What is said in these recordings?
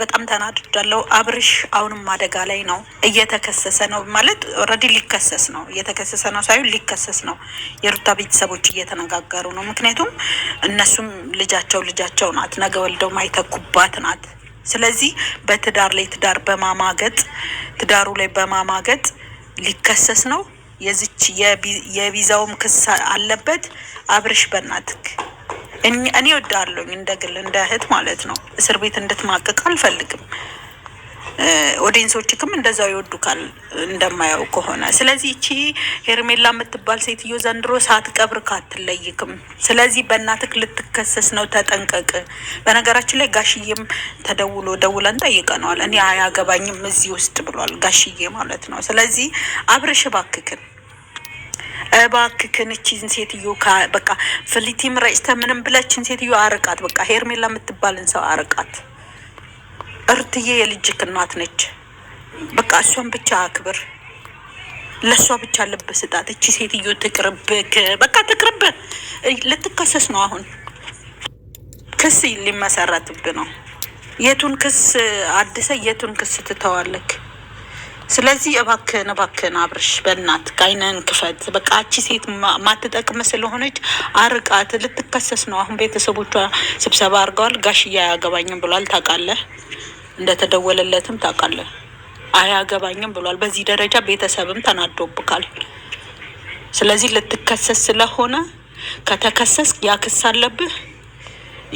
በጣም ተናድጃለሁ። አብርሽ አሁንም አደጋ ላይ ነው፣ እየተከሰሰ ነው ማለት ኦልሬዲ ሊከሰስ ነው። እየተከሰሰ ነው ሳይሆን ሊከሰስ ነው። የሩታ ቤተሰቦች እየተነጋገሩ ነው። ምክንያቱም እነሱም ልጃቸው ልጃቸው ናት፣ ነገ ወልደው ማይተኩባት ናት። ስለዚህ በትዳር ላይ ትዳር በማማገጥ ትዳሩ ላይ በማማገጥ ሊከሰስ ነው። የዚች የቪዛውም ክስ አለበት። አብርሽ በእናትክ እኔ ወዳለኝ እንደ ግል እንደ እህት ማለት ነው። እስር ቤት እንድትማቅቅ አልፈልግም። ኦዲንሶችክም እንደዛው ይወዱካል እንደማያው ከሆነ። ስለዚህ እቺ ሄርሜላ የምትባል ሴትዮ ዘንድሮ ቀብር ካትለይክም ስለዚህ በእናትክ ልትከሰስ ነው፣ ተጠንቀቅ። በነገራችን ላይ ጋሽዬም ተደውሎ ደውለን ጠይቀነዋል። እኔ አያገባኝም እዚህ ውስጥ ብሏል ጋሽዬ ማለት ነው። ስለዚህ አብርሽ እባክክን እባክህን እቺን ሴትዮ በቃ ፍሊቲም ረጭተ ምንም ብለችን ሴትዮ አርቃት። በቃ ሄርሜላ የምትባልን ሰው አርቃት። እርትዬ የልጅክ እናት ነች። በቃ እሷን ብቻ አክብር። ለእሷ ብቻ ልብ ስጣት። እቺ ሴትዮ ትቅርብክ፣ በቃ ትቅርብ። ልትከሰስ ነው አሁን ክስ ሊመሰረትብ ነው። የቱን ክስ አድሰ የቱን ክስ ትተዋለክ? ስለዚህ እባክን እባክን አብርሽ በእናት አይነን ክፈት። በቃ አቺ ሴት ማትጠቅም ስለሆነች አርቃት። ልትከሰስ ነው አሁን። ቤተሰቦቿ ስብሰባ አድርገዋል። ጋሽዬ አያገባኝም ብሏል። ታውቃለህ፣ እንደተደወለለትም ታውቃለህ። አያገባኝም ብሏል። በዚህ ደረጃ ቤተሰብም ተናዶብካል። ስለዚህ ልትከሰስ ስለሆነ ከተከሰስ ያክስ አለብህ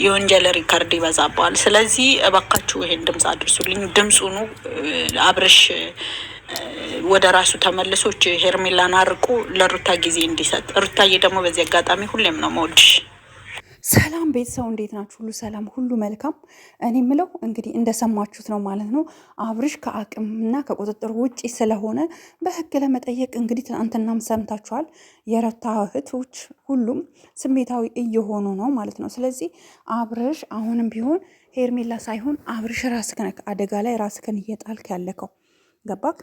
የወንጀል ሪካርድ ይበዛበዋል። ስለዚህ እባካችሁ ይሄን ድምፅ አድርሱልኝ። ድምፁኑ አብርሽ ወደ ራሱ ተመልሶች ሄርሜላን አርቁ ለሩታ ጊዜ እንዲሰጥ። ሩታዬ ደግሞ በዚህ አጋጣሚ ሁሌም ነው መውድሽ ሰላም ቤተሰው እንዴት ናችሁ? ሁሉ ሰላም፣ ሁሉ መልካም። እኔ የምለው እንግዲህ እንደሰማችሁት ነው ማለት ነው። አብርሽ ከአቅምና ከቁጥጥር ውጪ ስለሆነ በህግ ለመጠየቅ እንግዲህ ትናንትናም ሰምታችኋል። የረታ እህቶች ሁሉም ስሜታዊ እየሆኑ ነው ማለት ነው። ስለዚህ አብርሽ አሁንም ቢሆን ሄርሜላ ሳይሆን አብርሽ ራስክ አደጋ ላይ ራስክን እየጣልክ ያለከው ገባክ?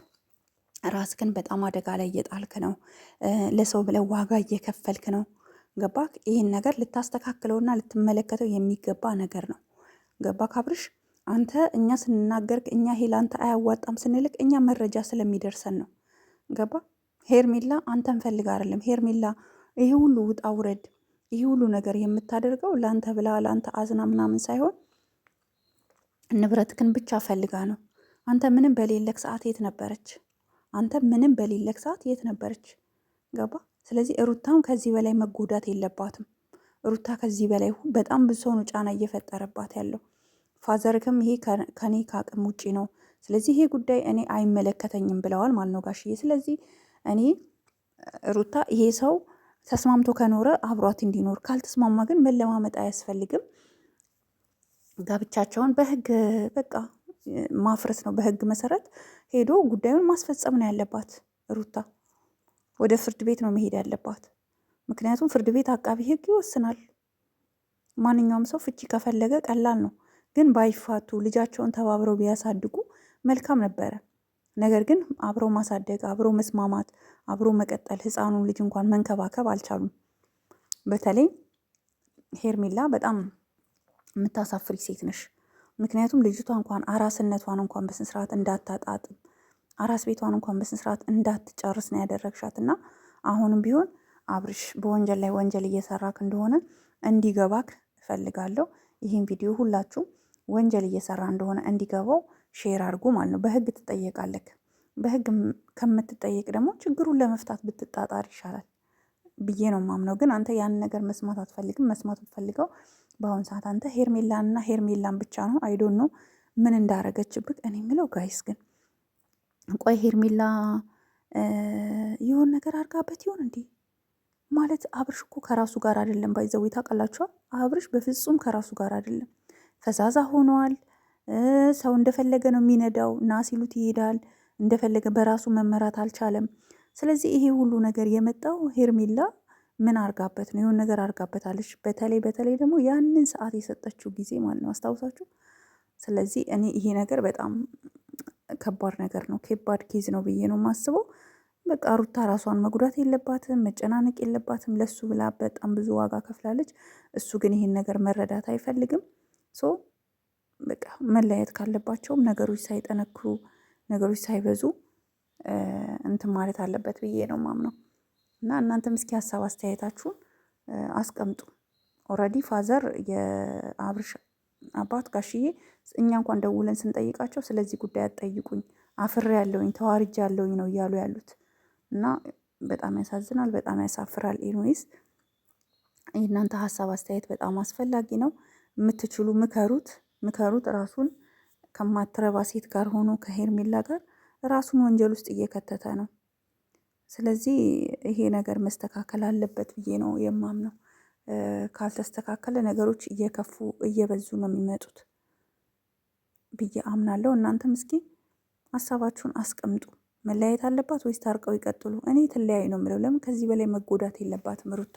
ራስክን በጣም አደጋ ላይ እየጣልክ ነው። ለሰው ብለህ ዋጋ እየከፈልክ ነው ገባክ? ይህን ነገር ልታስተካክለውና ልትመለከተው የሚገባ ነገር ነው። ገባክ አብርሽ? አንተ እኛ ስንናገርክ እኛ ይሄ ለአንተ አያዋጣም ስንልክ እኛ መረጃ ስለሚደርሰን ነው። ገባ? ሄርሜላ አንተን ፈልግ አይደለም። ሄርሜላ ይህ ሁሉ ውጣ ውረድ፣ ይህ ሁሉ ነገር የምታደርገው ለአንተ ብላ ለአንተ አዝና ምናምን ሳይሆን ንብረትክን ብቻ ፈልጋ ነው። አንተ ምንም በሌለክ ሰዓት የት ነበረች? አንተ ምንም በሌለክ ሰዓት የት ነበረች? ገባ? ስለዚህ ሩታም ከዚህ በላይ መጎዳት የለባትም። ሩታ ከዚህ በላይ በጣም ብዙ ሰው ነው ጫና እየፈጠረባት ያለው። ፋዘርክም ይሄ ከኔ ከአቅም ውጪ ነው፣ ስለዚህ ይሄ ጉዳይ እኔ አይመለከተኝም ብለዋል ማለት ነው ጋሽዬ። ስለዚህ እኔ ሩታ ይሄ ሰው ተስማምቶ ከኖረ አብሯት እንዲኖር፣ ካልተስማማ ግን መለማመጥ አያስፈልግም። ጋብቻቸውን በህግ በቃ ማፍረስ ነው። በህግ መሰረት ሄዶ ጉዳዩን ማስፈጸም ነው ያለባት ሩታ። ወደ ፍርድ ቤት ነው መሄድ ያለባት። ምክንያቱም ፍርድ ቤት አቃቢ ህግ ይወስናል። ማንኛውም ሰው ፍቺ ከፈለገ ቀላል ነው። ግን ባይፋቱ ልጃቸውን ተባብረው ቢያሳድጉ መልካም ነበረ። ነገር ግን አብሮ ማሳደግ፣ አብሮ መስማማት፣ አብሮ መቀጠል፣ ህፃኑ ልጅ እንኳን መንከባከብ አልቻሉም። በተለይ ሄርሜላ በጣም የምታሳፍሪ ሴት ነሽ። ምክንያቱም ልጅቷ እንኳን አራስነቷን እንኳን በስነ እንዳታጣጥም አራስ ቤቷን እንኳን በስነስርዓት እንዳትጨርስ ነው ያደረግሻት። እና አሁንም ቢሆን አብርሽ በወንጀል ላይ ወንጀል እየሰራክ እንደሆነ እንዲገባክ እፈልጋለሁ። ይህን ቪዲዮ ሁላችሁ ወንጀል እየሰራ እንደሆነ እንዲገባው ሼር አድርጉ ማለት ነው። በህግ ትጠየቃለክ። በህግ ከምትጠየቅ ደግሞ ችግሩን ለመፍታት ብትጣጣር ይሻላል ብዬ ነው ማምነው። ግን አንተ ያን ነገር መስማት አትፈልግም። መስማት ትፈልገው በአሁን ሰዓት አንተ ሄርሜላንና ሄርሜላን ብቻ ነው። አይዶን ነው ምን እንዳረገችብክ። እኔ የምለው ጋይስ ግን ቆይ ሄርሜላ የሆን ነገር አድርጋበት ይሆን እንዴ? ማለት አብርሽ እኮ ከራሱ ጋር አይደለም። ባይዘው ታውቃላችኋል። አብርሽ በፍጹም ከራሱ ጋር አይደለም። ፈዛዛ ሆኗል። ሰው እንደፈለገ ነው የሚነዳው። ና ሲሉት ይሄዳል። እንደፈለገ በራሱ መመራት አልቻለም። ስለዚህ ይሄ ሁሉ ነገር የመጣው ሄርሜላ ምን አርጋበት ነው? የሆን ነገር አርጋበታለች። በተለይ በተለይ ደግሞ ያንን ሰዓት የሰጠችው ጊዜ ማለት ነው። አስታውሳችሁ። ስለዚህ እኔ ይሄ ነገር በጣም ከባድ ነገር ነው፣ ከባድ ኬዝ ነው ብዬ ነው የማስበው። በቃ ሩታ ራሷን መጉዳት የለባትም መጨናነቅ የለባትም። ለሱ ብላ በጣም ብዙ ዋጋ ከፍላለች። እሱ ግን ይህን ነገር መረዳት አይፈልግም። ሶ በቃ መለያየት ካለባቸውም ነገሮች ሳይጠነክሩ ነገሮች ሳይበዙ እንትን ማለት አለበት ብዬ ነው ማምነው እና እናንተም እስኪ ሀሳብ አስተያየታችሁን አስቀምጡ። ኦልሬዲ ፋዘር የአብርሻ አባት ጋሽዬ እኛ እንኳን ደውለን ስንጠይቃቸው ስለዚህ ጉዳይ አጠይቁኝ አፍሬ ያለውኝ ተዋርጃ ያለውኝ ነው እያሉ ያሉት እና በጣም ያሳዝናል፣ በጣም ያሳፍራል። ኤኒዌይስ የእናንተ ሀሳብ አስተያየት በጣም አስፈላጊ ነው። የምትችሉ ምከሩት፣ ምከሩት ራሱን ከማትረባ ሴት ጋር ሆኖ ከሄርሜላ ጋር ራሱን ወንጀል ውስጥ እየከተተ ነው። ስለዚህ ይሄ ነገር መስተካከል አለበት ብዬ ነው የማምነው። ካልተስተካከለ ነገሮች እየከፉ እየበዙ ነው የሚመጡት ብዬ አምናለሁ። እናንተም እስኪ ሀሳባችሁን አስቀምጡ። መለያየት አለባት ወይስ ታርቀው ይቀጥሉ? እኔ የተለያዩ ነው የምለው። ለምን ከዚህ በላይ መጎዳት የለባትም ሩታ።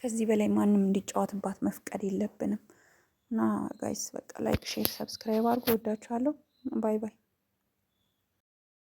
ከዚህ በላይ ማንም እንዲጫወትባት መፍቀድ የለብንም። እና ጋይስ በቃ ላይክ፣ ሼር፣ ሰብስክራይብ አድርጎ ወዳችኋለሁ። ባይ ባይ።